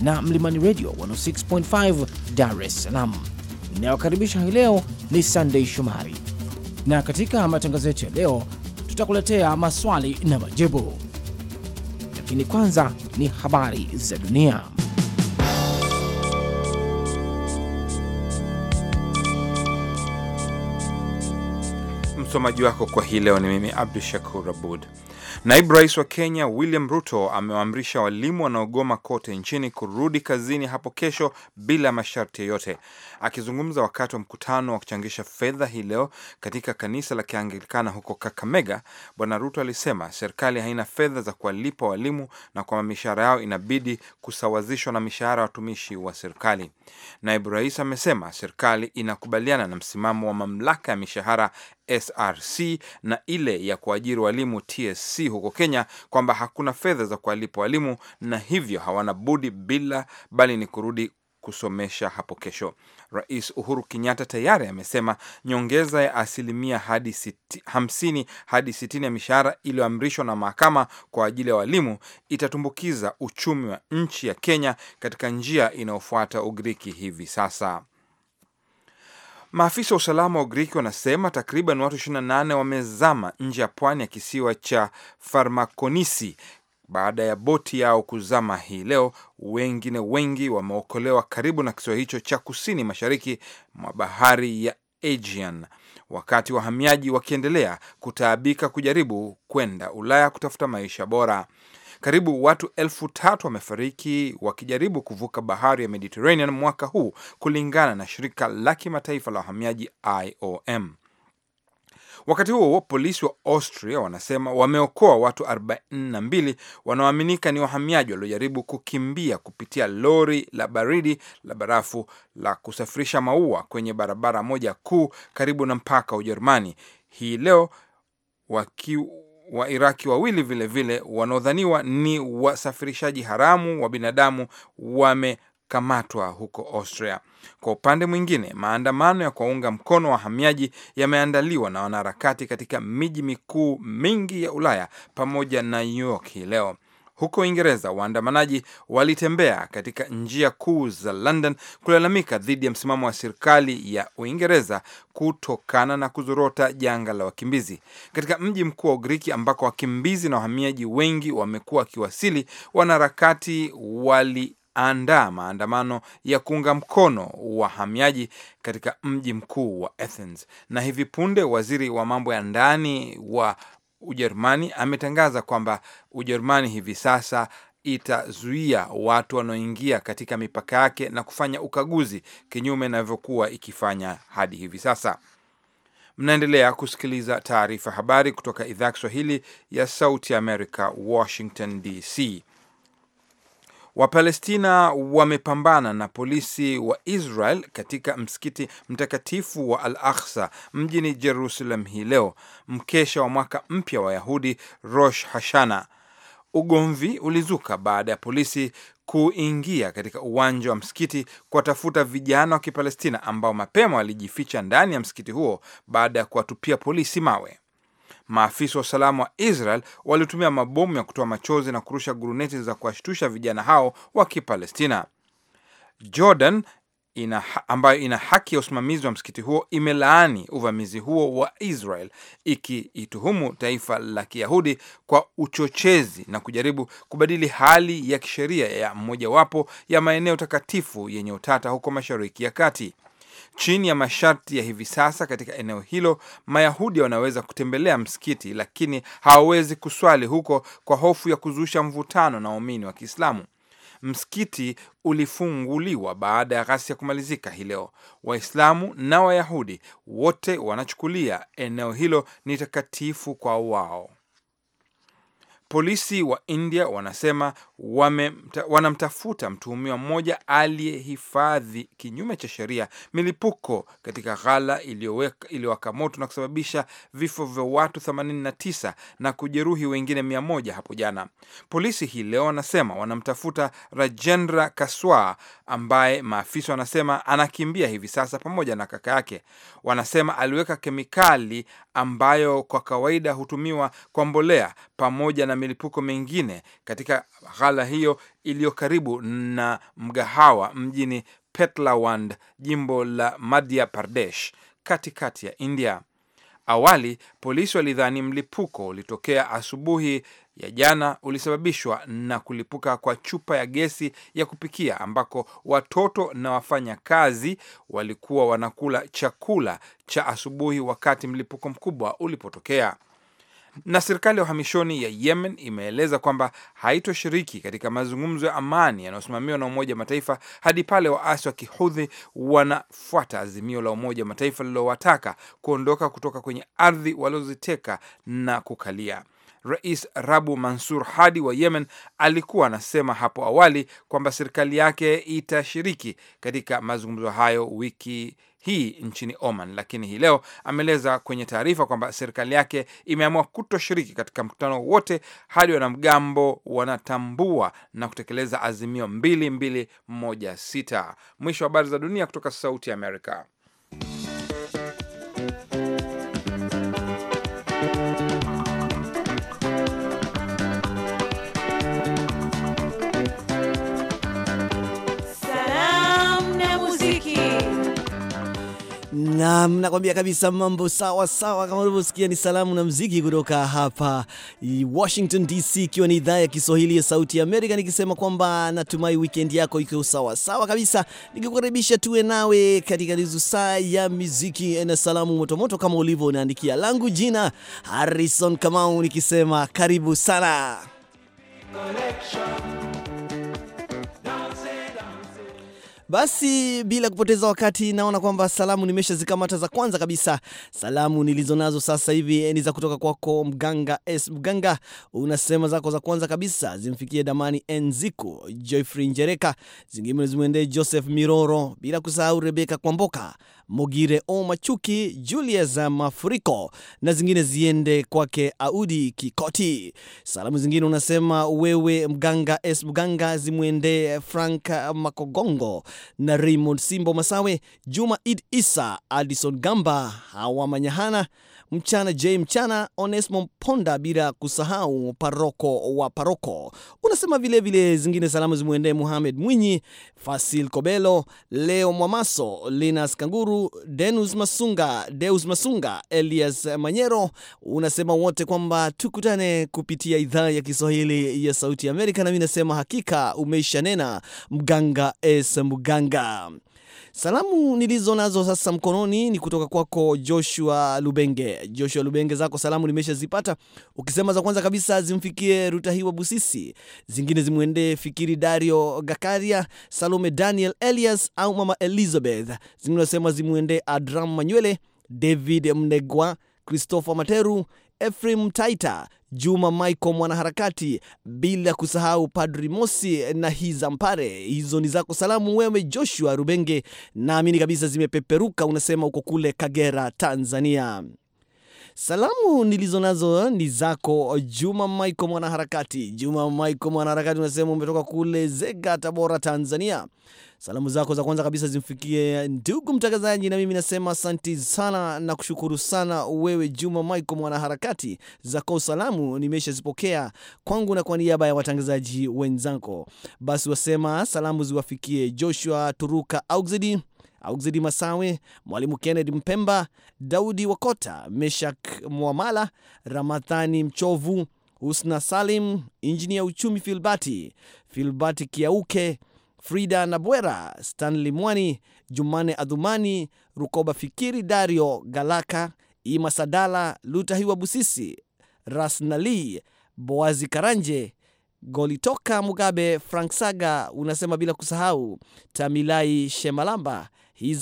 na Mlimani Radio 106.5 Dar es Salaam. Ninawakaribisha hii leo, ni Sunday Shumari, na katika matangazo yetu ya leo tutakuletea maswali na majibu, lakini kwanza ni habari za dunia. Msomaji wako kwa hii leo ni mimi Abdu Shakur Abud. Naibu Rais wa Kenya William Ruto amewaamrisha walimu wanaogoma kote nchini kurudi kazini hapo kesho bila masharti yoyote. Akizungumza wakati wa mkutano wa kuchangisha fedha hii leo katika kanisa la Kianglikana huko Kakamega, Bwana Ruto alisema serikali haina fedha za kuwalipa walimu na kwamba mishahara yao inabidi kusawazishwa na mishahara ya watumishi wa serikali. Naibu Rais amesema serikali inakubaliana na msimamo wa mamlaka ya mishahara SRC na ile ya kuajiri walimu TSC huko Kenya kwamba hakuna fedha za kuwalipa walimu na hivyo hawana budi bila bali ni kurudi kusomesha hapo kesho. Rais Uhuru Kenyatta tayari amesema nyongeza ya asilimia hadi siti, hamsini hadi sitini ya mishahara iliyoamrishwa na mahakama kwa ajili ya walimu itatumbukiza uchumi wa nchi ya Kenya katika njia inayofuata Ugiriki hivi sasa. Maafisa wa usalama wa Ugiriki wanasema takriban watu 28 wamezama nje ya pwani ya kisiwa cha Farmakonisi baada ya boti yao kuzama hii leo. Wengine wengi wameokolewa karibu na kisiwa hicho cha kusini mashariki mwa bahari ya Aegean, wakati wahamiaji wakiendelea kutaabika kujaribu kwenda Ulaya kutafuta maisha bora. Karibu watu elfu tatu wamefariki wakijaribu kuvuka bahari ya Mediterranean mwaka huu kulingana na shirika la kimataifa la wahamiaji IOM. Wakati huo polisi wa Austria wanasema wameokoa watu 42 wanaoaminika ni wahamiaji waliojaribu kukimbia kupitia lori la baridi la barafu la kusafirisha maua kwenye barabara moja kuu karibu na mpaka wa Ujerumani hii leo wa iraki wawili vilevile wanaodhaniwa ni wasafirishaji haramu wa binadamu wamekamatwa huko Austria. Kwa upande mwingine, maandamano ya kuwaunga mkono wahamiaji yameandaliwa na wanaharakati katika miji mikuu mingi ya Ulaya pamoja na New York hii leo. Huko Uingereza, waandamanaji walitembea katika njia kuu za London kulalamika dhidi ya msimamo wa serikali ya Uingereza kutokana na kuzorota janga la wakimbizi katika mji mkuu wa Ugiriki, ambako wakimbizi na wahamiaji wengi wamekuwa wakiwasili. Wanaharakati wali andaa maandamano ya kuunga mkono wahamiaji katika mji mkuu wa Athens. Na hivi punde waziri wa mambo ya ndani wa Ujerumani ametangaza kwamba Ujerumani hivi sasa itazuia watu wanaoingia katika mipaka yake na kufanya ukaguzi kinyume inavyokuwa ikifanya hadi hivi sasa. Mnaendelea kusikiliza taarifa habari kutoka idhaa ya Kiswahili ya Sauti ya Amerika, Washington DC. Wapalestina wamepambana na polisi wa Israel katika msikiti mtakatifu wa Al Aksa mjini Jerusalem hii leo, mkesha wa mwaka mpya wa Yahudi, Rosh Hashana. Ugomvi ulizuka baada ya polisi kuingia katika uwanja wa msikiti kuwatafuta vijana wa Kipalestina ambao mapema walijificha ndani ya msikiti huo baada ya kuwatupia polisi mawe. Maafisa wa usalama wa Israel walitumia mabomu ya kutoa machozi na kurusha guruneti za kuwashtusha vijana hao wa Kipalestina. Jordan ina, ambayo ina haki ya usimamizi wa msikiti huo imelaani uvamizi huo wa Israel ikiituhumu taifa la Kiyahudi kwa uchochezi na kujaribu kubadili hali ya kisheria ya mojawapo ya maeneo takatifu yenye utata huko Mashariki ya Kati. Chini ya masharti ya hivi sasa katika eneo hilo, Mayahudi wanaweza kutembelea msikiti, lakini hawawezi kuswali huko kwa hofu ya kuzusha mvutano na waumini wa Kiislamu. Msikiti ulifunguliwa baada ya ghasia kumalizika hii leo. Waislamu na Wayahudi wote wanachukulia eneo hilo ni takatifu kwa wao. Polisi wa India wanasema wame, wanamtafuta mtuhumiwa mmoja aliyehifadhi kinyume cha sheria milipuko katika ghala iliyowaka moto na kusababisha vifo vya watu 89 na kujeruhi wengine 100 hapo jana. Polisi hii leo wanasema wanamtafuta Rajendra Kaswa ambaye maafisa wanasema anakimbia hivi sasa pamoja na kaka yake. Wanasema aliweka kemikali ambayo kwa kawaida hutumiwa kwa mbolea pamoja na milipuko mingine katika ghala hiyo iliyo karibu na mgahawa mjini Petlawand, jimbo la Madhya Pradesh, katikati ya India. Awali polisi walidhani mlipuko ulitokea asubuhi ya jana ulisababishwa na kulipuka kwa chupa ya gesi ya kupikia ambako watoto na wafanyakazi walikuwa wanakula chakula cha asubuhi wakati mlipuko mkubwa ulipotokea. Na serikali ya uhamishoni ya Yemen imeeleza kwamba haitoshiriki katika mazungumzo ya amani yanayosimamiwa na Umoja wa Mataifa hadi pale waasi wa kihudhi wanafuata azimio la Umoja wa Mataifa lililowataka kuondoka kutoka kwenye ardhi walioziteka na kukalia. Rais Rabu Mansur Hadi wa Yemen alikuwa anasema hapo awali kwamba serikali yake itashiriki katika mazungumzo hayo wiki hii nchini Oman, lakini hii leo ameeleza kwenye taarifa kwamba serikali yake imeamua kutoshiriki katika mkutano wote hadi wanamgambo wanatambua na kutekeleza azimio 2216. Mwisho wa habari za dunia kutoka Sauti ya Amerika. Naam, nakwambia kabisa mambo sawa sawa, kama ulivyosikia ni salamu na mziki kutoka hapa Washington DC, ikiwa ni idhaa ya Kiswahili ya Sauti ya Amerika, nikisema kwamba natumai weekend yako iko sawa sawa kabisa, nikikukaribisha tuwe nawe katika hizo saa ya muziki na salamu motomoto kama ulivyo unaandikia. Langu jina Harrison Kamau, nikisema karibu sana Connection. Basi bila kupoteza wakati, naona kwamba salamu nimeshazikamata. Za kwanza kabisa salamu nilizonazo sasa hivi eh, ni za kutoka kwako Mganga S Mganga, unasema zako za kwanza kabisa zimfikie Damani Nziku, Joyfrey Njereka, zingine zimwendee Joseph Miroro, bila kusahau Rebeka Kwamboka Mogire O Machuki, Julius Mafuriko na zingine ziende kwake Audi Kikoti. Salamu zingine unasema wewe Mganga S Mganga zimwende Frank Makogongo na Raymond Simbo Masawe, Juma Id Isa, Addison Gamba, Hawa Manyahana Mchana J Mchana, Onesmo ponda bila kusahau paroko wa paroko. Unasema vilevile vile zingine salamu zimwendee Muhamed Mwinyi, Fasil Kobelo, Leo Mwamaso, Linas Kanguru, Denus Masunga, Deus Masunga, Elias Manyero. Unasema wote kwamba tukutane kupitia idhaa ya Kiswahili ya Sauti ya Amerika, nami nasema hakika umeisha nena mganga es mganga. Salamu nilizo nazo sasa mkononi ni kutoka kwako Joshua Lubenge. Joshua Lubenge, zako salamu nimeshazipata, ukisema za kwanza kabisa zimfikie Rutahiwa Busisi, zingine zimwendee Fikiri Dario Gakaria, Salome Daniel Elias au Mama Elizabeth, zingine nasema zimwendee Adram Manywele, David Mnegwa, Christopher Materu, Ephraim taita Juma Michael mwanaharakati, bila kusahau Padri Mosi na Hizampare. Hizo ni zako salamu wewe Joshua Rubenge, naamini kabisa zimepeperuka, unasema uko kule Kagera, Tanzania. Salamu nilizo nazo eh, ni zako Juma Maiko mwanaharakati. Juma Maiko mwanaharakati, unasema umetoka kule Zega, Tabora, Tanzania. Salamu zako za kwanza kabisa zimfikie ndugu mtangazaji, na mimi nasema asanti sana na kushukuru sana wewe Juma Maiko mwanaharakati. Zako salamu nimeshazipokea kwangu na kwa niaba ya watangazaji wenzako Basi wasema salamu ziwafikie Joshua Turuka Auxidi Auxidi Masawe, Mwalimu Kennedy Mpemba, Daudi Wakota, Meshak Mwamala, Ramadhani Mchovu, Husna Salim, Injinia Uchumi Filbati, Filbati Kiauke, Frida Nabwera, Stanley Mwani, Jumane Adhumani, Rukoba Fikiri, Dario Galaka, Ima Sadala, Lutahiwa Busisi, Rasnali, Boazi Karanje, Golitoka Mugabe, Frank Saga, unasema bila kusahau Tamilai Shemalamba,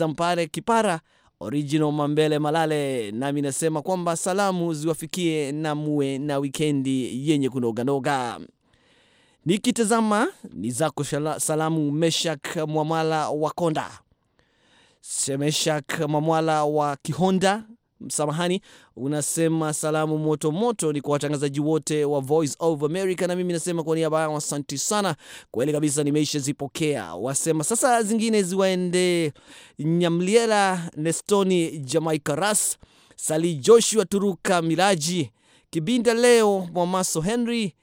mpare Kipara, Original Mambele Malale, nami nasema kwamba salamu ziwafikie na muwe na wikendi yenye kunoganoga. Nikitazama ni zako salamu, Meshak Mwamwala wa Konda, Semeshak Mwamwala wa Kihonda, samahani, unasema salamu moto moto ni kwa watangazaji wote wa Voice of America, na mimi nasema kwa niaba yao asanti sana. Kweli kabisa, nimeisha zipokea. Wasema sasa zingine ziwaende Nyamliela Nestoni, Jamaica Ras Sali, Joshua Turuka, Milaji Kibinda, Leo Mwamaso, Henry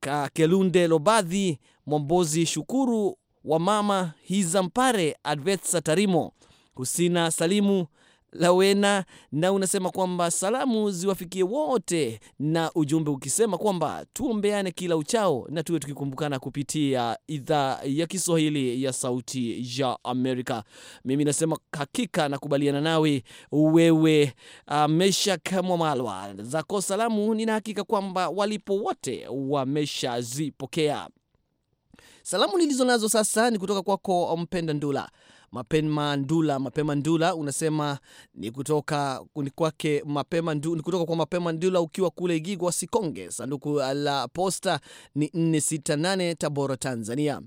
Kakelunde, Lobadhi Mwambozi, Shukuru wa mama Hizampare, Advetsa Tarimo, Husina Salimu Lawena na unasema kwamba salamu ziwafikie wote, na ujumbe ukisema kwamba tuombeane kila uchao na tuwe tukikumbukana kupitia idhaa ya Kiswahili ya Sauti ya Amerika. Mimi nasema hakika nakubaliana nawe wewe, uh, ah, Meshak Mwamalwa, zako salamu nina hakika kwamba walipo wote wameshazipokea. Salamu nilizo nazo sasa ni kutoka kwako Mpenda Ndula Mapema Ndula, Mapema Ndula unasema ni kutoka ni kwake Mapema Ndula, ni kutoka kwa Mapema Ndula ukiwa kule Igigwa Sikonge, sanduku la posta ni 468 Tabora, Tanzania.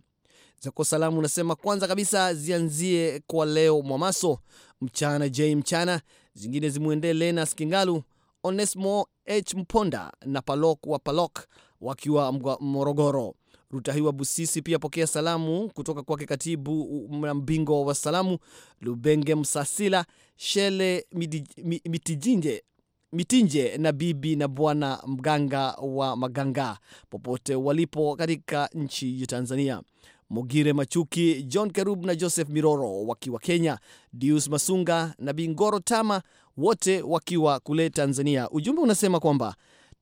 Zako salamu unasema kwanza kabisa zianzie kwa leo Mwamaso mchana J mchana, zingine zimwendee Lenas Kingalu, Onesmo H Mponda na Palok wa Palok wakiwa Morogoro. Rutahiwa Busisi pia pokea salamu kutoka kwake katibu mbingo wa salamu Lubenge Msasila, Shele Mitijinje Mitinje na bibi na bwana mganga wa Maganga popote walipo katika nchi ya Tanzania. Mugire Machuki, John Kerub na Joseph Miroro wakiwa Kenya, Dius Masunga na Bingoro Tama wote wakiwa kule Tanzania. Ujumbe unasema kwamba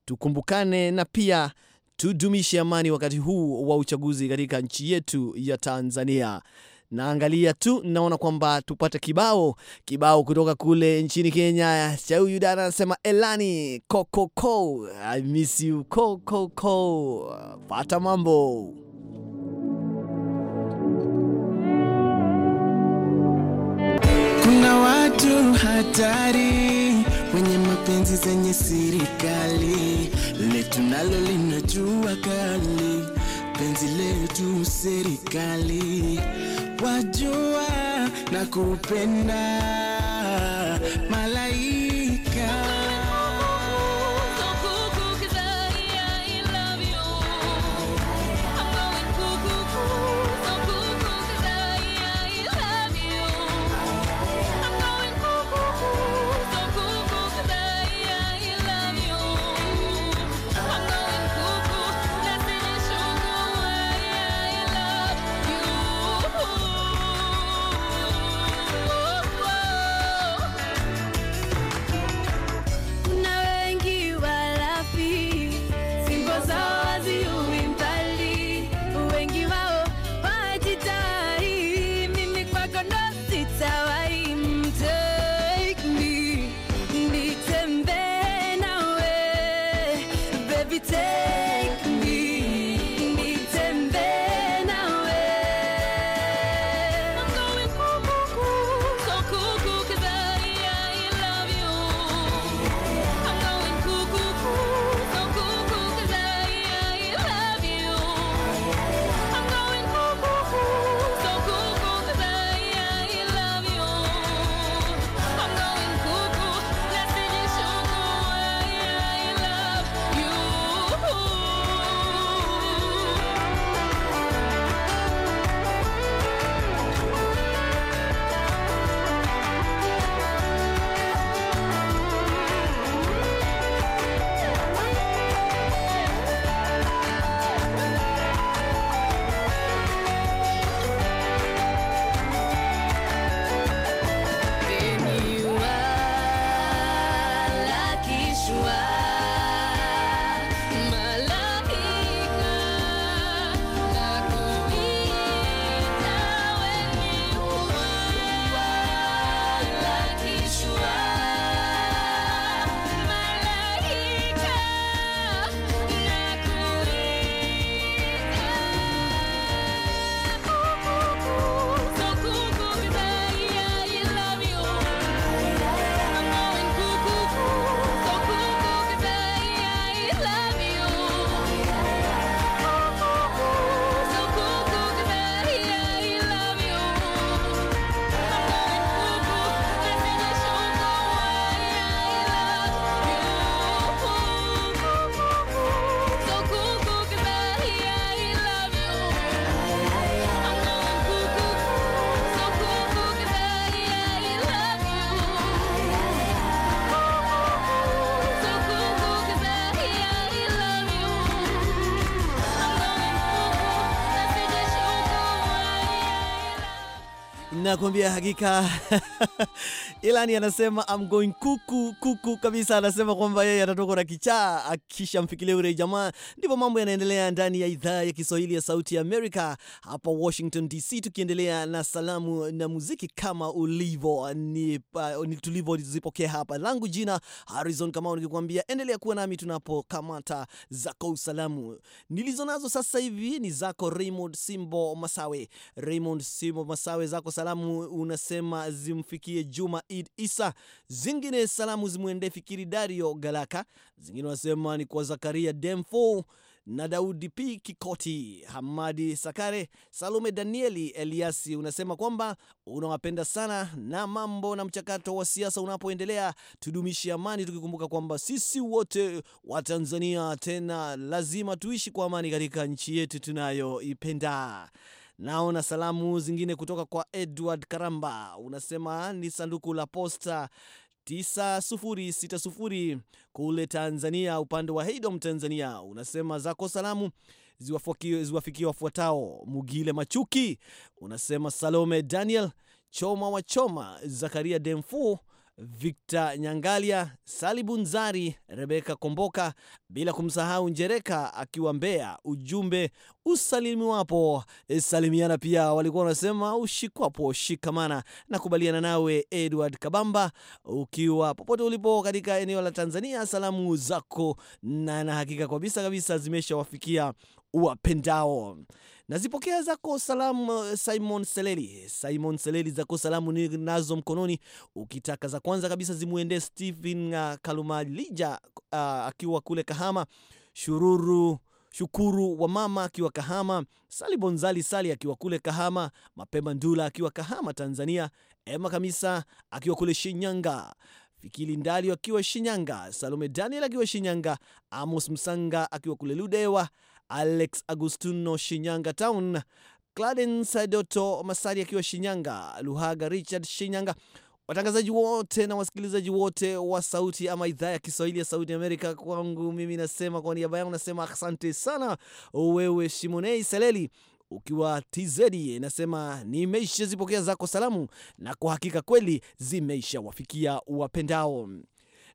tukumbukane na pia tudumishe amani wakati huu wa uchaguzi katika nchi yetu ya Tanzania. Naangalia tu naona kwamba tupate kibao kibao kutoka kule nchini Kenya cha huyu dada anasema Elani kokoko, I miss you kokoko. Pata mambo kuna watu hatari wenye mapenzi zenye siri kali letu nalo linajua kali, penzi letu serikali, wajua na kupenda mala nakwambia hakika Ilani anasema I'm going kuku kuku kabisa, anasema kwamba yeye atatoka na kichaa akishamfikilia ule jamaa. Ndipo mambo yanaendelea ndani ya idhaa ya Kiswahili ya Sauti ya Amerika hapa Washington DC, tukiendelea na salamu na muziki kama ulivyo ni, uh, ni zipokea hapa. Langu jina Harrison Kamau, nikikwambia endelea kuwa nami tunapokamata zako usalamu nilizo nazo sasa hivi. Ni zako Raymond Simbo Masawe, Raymond Simbo Masawe, zako salamu unasema zimfikie Juma Said Isa, zingine salamu zimwende Fikiri Dario Galaka, zingine wasema ni kwa Zakaria Demfo na Daudi P Kikoti, Hamadi Sakare, Salome Danieli Eliasi. Unasema kwamba unawapenda sana na mambo na mchakato wa siasa unapoendelea, tudumishe amani, tukikumbuka kwamba sisi wote wa Tanzania, tena lazima tuishi kwa amani katika nchi yetu tunayoipenda. Naona salamu zingine kutoka kwa Edward Karamba, unasema ni sanduku la posta 9060 kule Tanzania, upande wa Haydom Tanzania. Unasema zako salamu ziwafikie wafuatao: Mugile Machuki, unasema Salome Daniel Choma wa Choma, Zakaria Demfu, Victor Nyangalia, Salibu Nzari, Rebeka Komboka, bila kumsahau Njereka akiwa Mbeya. Ujumbe usalimiwapo eh, salimiana. Pia walikuwa wanasema ushikwapo shikamana. Nakubaliana nawe Edward Kabamba, ukiwa popote ulipo katika eneo la Tanzania, salamu zako na na hakika kabisa kabisa zimeshawafikia wapendao nazipokea zako salamu. Eh, Simon Seleli, Simon Seleli, zako salamu nazo mkononi. Ukitaka za kwanza kabisa zimuende Stephen eh, Kalumalija ah, akiwa kule Kahama, Shururu Shukuru wa mama akiwa Kahama, Sali Bonzali Sali akiwa kule Kahama, Mapema Ndula akiwa Kahama Tanzania, Emma Kamisa akiwa kule Shinyanga, Fikili Ndali akiwa Shinyanga, Salome Daniel akiwa Shinyanga, Amos Msanga akiwa kule Ludewa, Alex Agustino Shinyanga Town, Clarence Doto Masari akiwa Shinyanga, Luhaga Richard Shinyanga watangazaji wote na wasikilizaji wote wa sauti ama idhaa ya Kiswahili ya Sauti Amerika, kwangu mimi nasema kwa niaba yangu nasema asante sana wewe Shimonei Seleli ukiwa TZ nasema nimeisha zipokea zako salamu, na kwa hakika kweli zimeisha wafikia wapendao.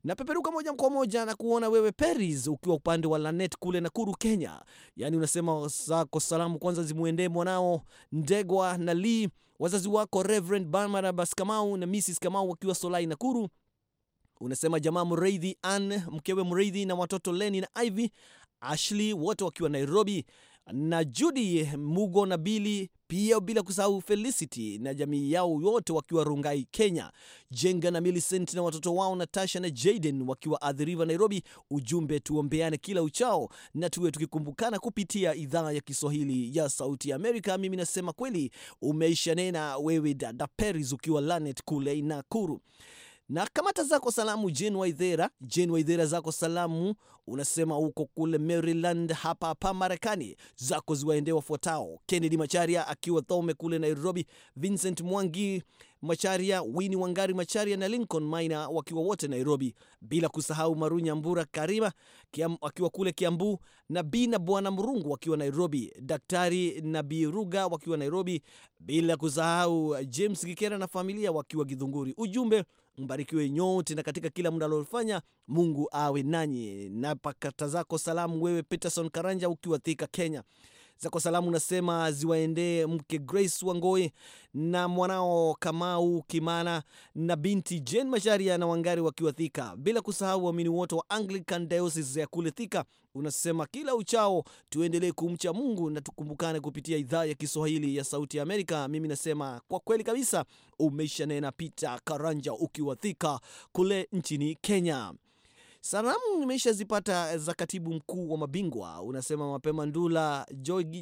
Napeperuka moja kwa moja na kuona wewe Paris ukiwa upande wa Lanet kule Nakuru, Kenya. Yaani unasema zako salamu kwanza zimwendee mwanao Ndegwa na Lee, wazazi wako Reverend Barnabas Kamau na Mrs Kamau wakiwa Solai, Nakuru. Unasema jamaa Mreithi Ann, mkewe Mreithi na watoto Leni na Ivy Ashley, wote wakiwa Nairobi na judi Mugo na bili pia, bila kusahau Felicity na jamii yao yote wakiwa Rungai, Kenya, Jenga na Millicent na watoto wao Natasha na Jaden wakiwa adhiriva Nairobi. Ujumbe, tuombeane kila uchao na tuwe tukikumbukana kupitia idhaa ya Kiswahili ya Sauti ya Amerika. Mimi nasema kweli umeisha nena wewe, dada Peris, ukiwa Lanet kule Nakuru na kamata zako salamu Jane Waithera. Jane Waithera, zako salamu unasema huko kule Maryland, hapa hapa Marekani. Zako ziwaende wafuatao: Kennedy Macharia akiwa Thome kule Nairobi, Vincent Mwangi Macharia, Wini Wangari Macharia na Lincoln Maina wakiwa wote Nairobi, bila kusahau Marunya Mbura Karima kiam, akiwa kule Kiambu, na B na Bwana Mrungu wakiwa Nairobi, Daktari na B Ruga wakiwa Nairobi, bila kusahau James Gikera na familia wakiwa Githunguri. Ujumbe Mbarikiwe nyote na katika kila muda alofanya, Mungu awe nanyi. Na pakata zako salamu wewe Peterson Karanja ukiwa Thika, Kenya. Zako salamu nasema ziwaendee mke Grace Wangoe na mwanao Kamau Kimana na binti Jane masharia na Wangari wakiwa Thika, bila kusahau waamini wote wa Anglican Diocese ya kule Thika. Unasema kila uchao tuendelee kumcha Mungu na tukumbukane kupitia idhaa ya Kiswahili ya Sauti ya Amerika. Mimi nasema kwa kweli kabisa umeisha nena. Peter Karanja ukiwa Thika kule nchini Kenya. Salamu nimeshazipata za katibu mkuu wa mabingwa, unasema mapema Ndula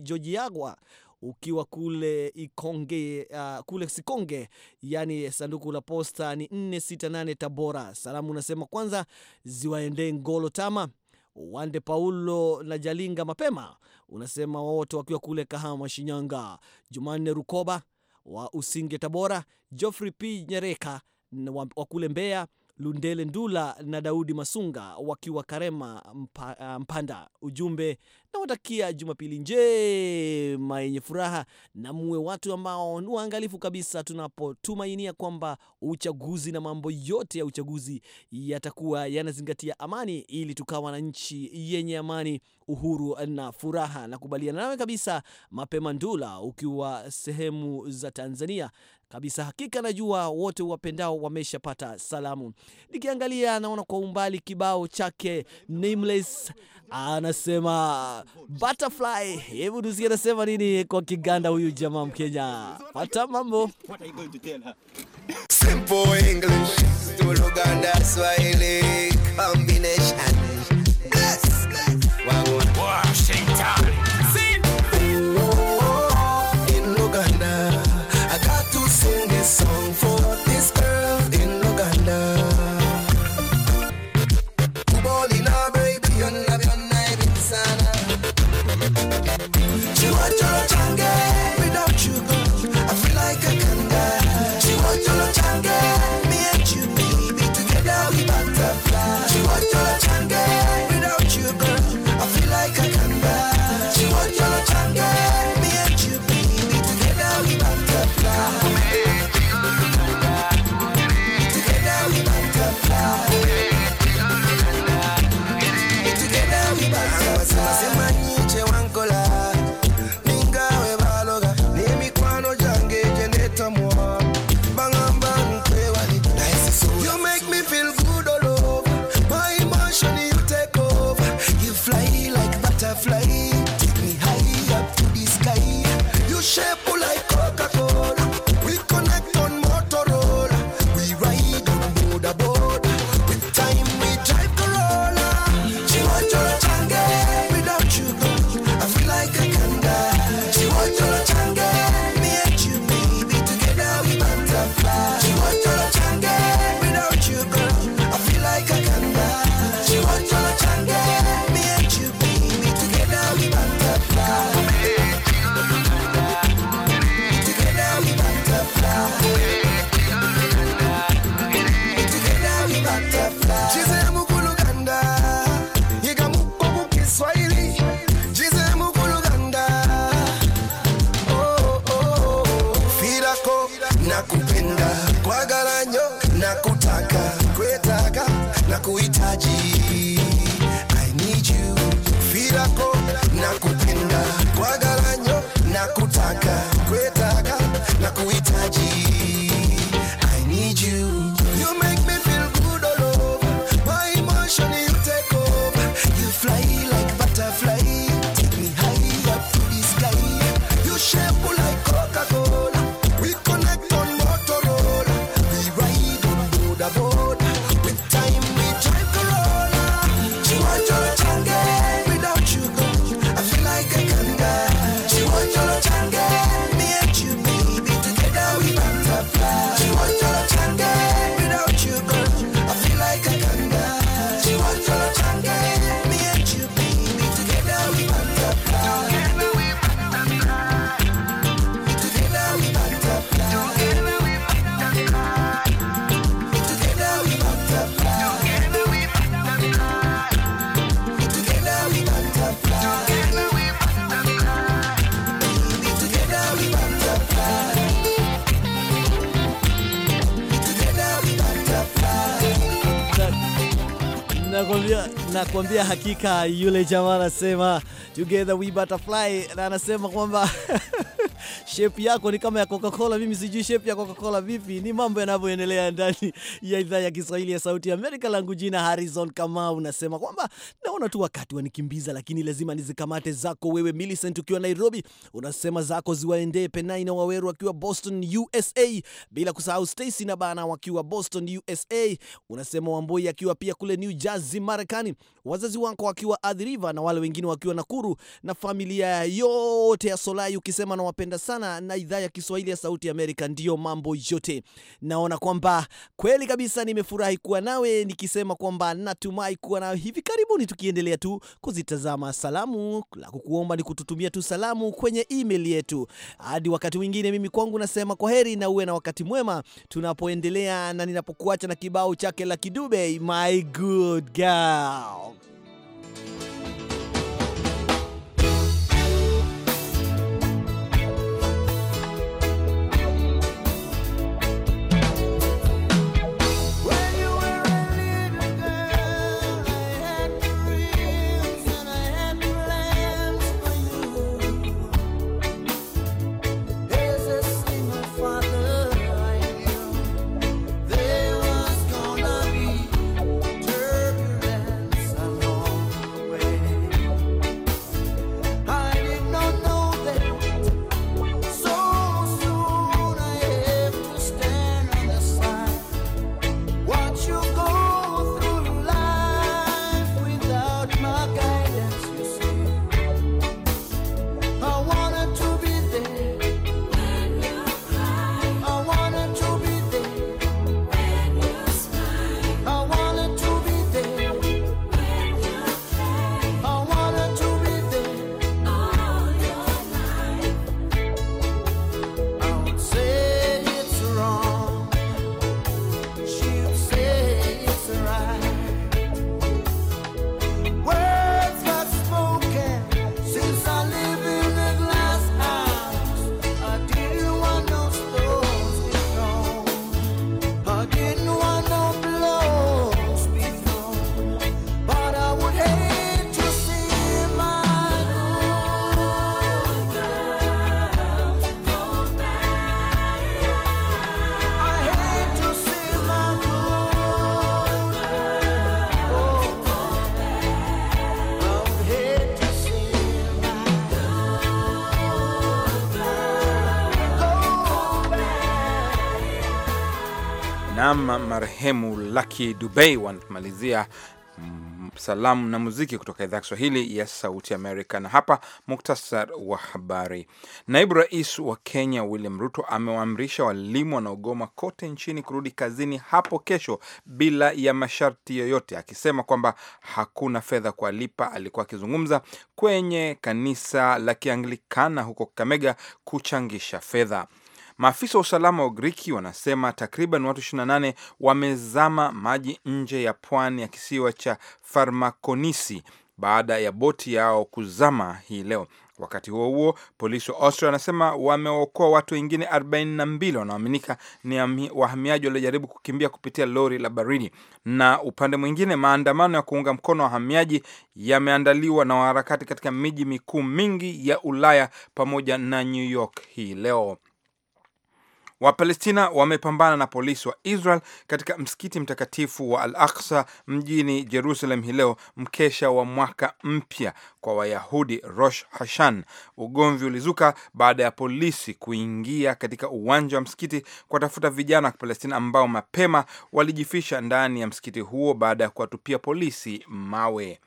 Jojiagwa ukiwa kule Ikonge, uh, kule Sikonge, yani sanduku la posta ni 468 Tabora. Salamu unasema kwanza ziwaendee Ngolo Tama Wande Paulo na Jalinga mapema, unasema wote wakiwa kule Kahama Shinyanga, Jumanne Rukoba wa Usinge Tabora, Geoffrey P Nyereka wa kule Mbeya, Lundele Ndula na Daudi Masunga wakiwa Karema, Mpanda. Ujumbe Nawatakia Jumapili njema yenye furaha, na muwe watu ambao ni waangalifu kabisa tunapotumainia kwamba uchaguzi na mambo yote ya uchaguzi yatakuwa yanazingatia amani, ili tukawa na nchi yenye amani, uhuru na furaha. Nakubaliana nawe kabisa, Mapema Ndula, ukiwa sehemu za Tanzania kabisa. Hakika najua wote wapendao wameshapata salamu. Nikiangalia naona kwa umbali kibao chake Nameless anasema Butterfly. Hebu tusikie anasema nini kwa Kiganda huyu jamaa Mkenya. Pata mambo. Simple English to Luganda Swahili combination. Washington. We. na nakwambia hakika, yule jamaa anasema together we butterfly, na anasema kwamba shape yako ni kama ya Coca-Cola. Mimi sijui shape ya Coca-Cola vipi. Ni mambo yanavyoendelea ndani ya idhaa ya Kiswahili ya Sauti ya Amerika. Langu jina Harrison Kamau. Unasema kwamba naona tu wakati wanikimbiza, lakini lazima nizikamate zako wewe. Millicent ukiwa Nairobi unasema zako ziwaendee Penai na Waweru akiwa Boston USA, bila kusahau Stacy na Bana wakiwa Boston USA. Unasema Wamboi akiwa pia kule New Jersey Marekani, wazazi wako wakiwa Athi River na wale wengine wakiwa Nakuru na familia yote ya Solai, ukisema nawapenda sana sana na idhaa ya Kiswahili ya Sauti ya Amerika. Ndiyo mambo yote, naona kwamba kweli kabisa nimefurahi kuwa nawe, nikisema kwamba natumai kuwa nawe hivi karibuni, tukiendelea tu kuzitazama salamu. La kukuomba ni kututumia tu salamu kwenye email yetu. Hadi wakati mwingine, mimi kwangu nasema kwa heri na uwe na wakati mwema, tunapoendelea na ninapokuacha na kibao chake la Kidube, my good girl. ama marehemu Lucky Dubey wanatumalizia mm, salamu na muziki kutoka idhaa ya Kiswahili ya Sauti Amerika. Na hapa muktasar wa habari. Naibu rais wa Kenya William Ruto amewaamrisha walimu wanaogoma kote nchini kurudi kazini hapo kesho bila ya masharti yoyote, akisema kwamba hakuna fedha kuwalipa. Alikuwa akizungumza kwenye kanisa la Kianglikana huko Kakamega kuchangisha fedha. Maafisa wa usalama wa Ugiriki wanasema takriban watu 28 wamezama maji nje ya pwani ya kisiwa cha Farmakonisi baada ya boti yao kuzama hii leo. Wakati huo huo, polisi wa Austria wanasema wameokoa watu wengine 42 wanaoaminika ni wahamiaji waliojaribu kukimbia kupitia lori la baridi. Na upande mwingine, maandamano ya kuunga mkono wahamiaji yameandaliwa na waharakati katika miji mikuu mingi ya Ulaya pamoja na New York hii leo. Wapalestina wamepambana na polisi wa Israel katika msikiti mtakatifu wa Al Aksa mjini Jerusalem hii leo, mkesha wa mwaka mpya kwa Wayahudi, Rosh Hashan. Ugomvi ulizuka baada ya polisi kuingia katika uwanja wa msikiti kuwatafuta vijana wa Kipalestina ambao mapema walijifisha ndani ya msikiti huo baada ya kuwatupia polisi mawe.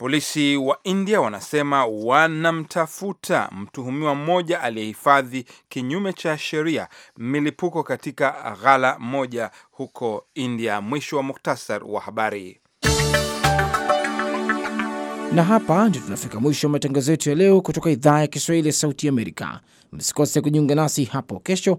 Polisi wa India wanasema wanamtafuta mtuhumiwa mmoja aliyehifadhi kinyume cha sheria milipuko katika ghala moja huko India. Mwisho wa muktasar wa habari, na hapa ndio tunafika mwisho wa matangazo yetu ya leo kutoka idhaa ya Kiswahili ya Sauti Amerika. Msikose kujiunga nasi hapo kesho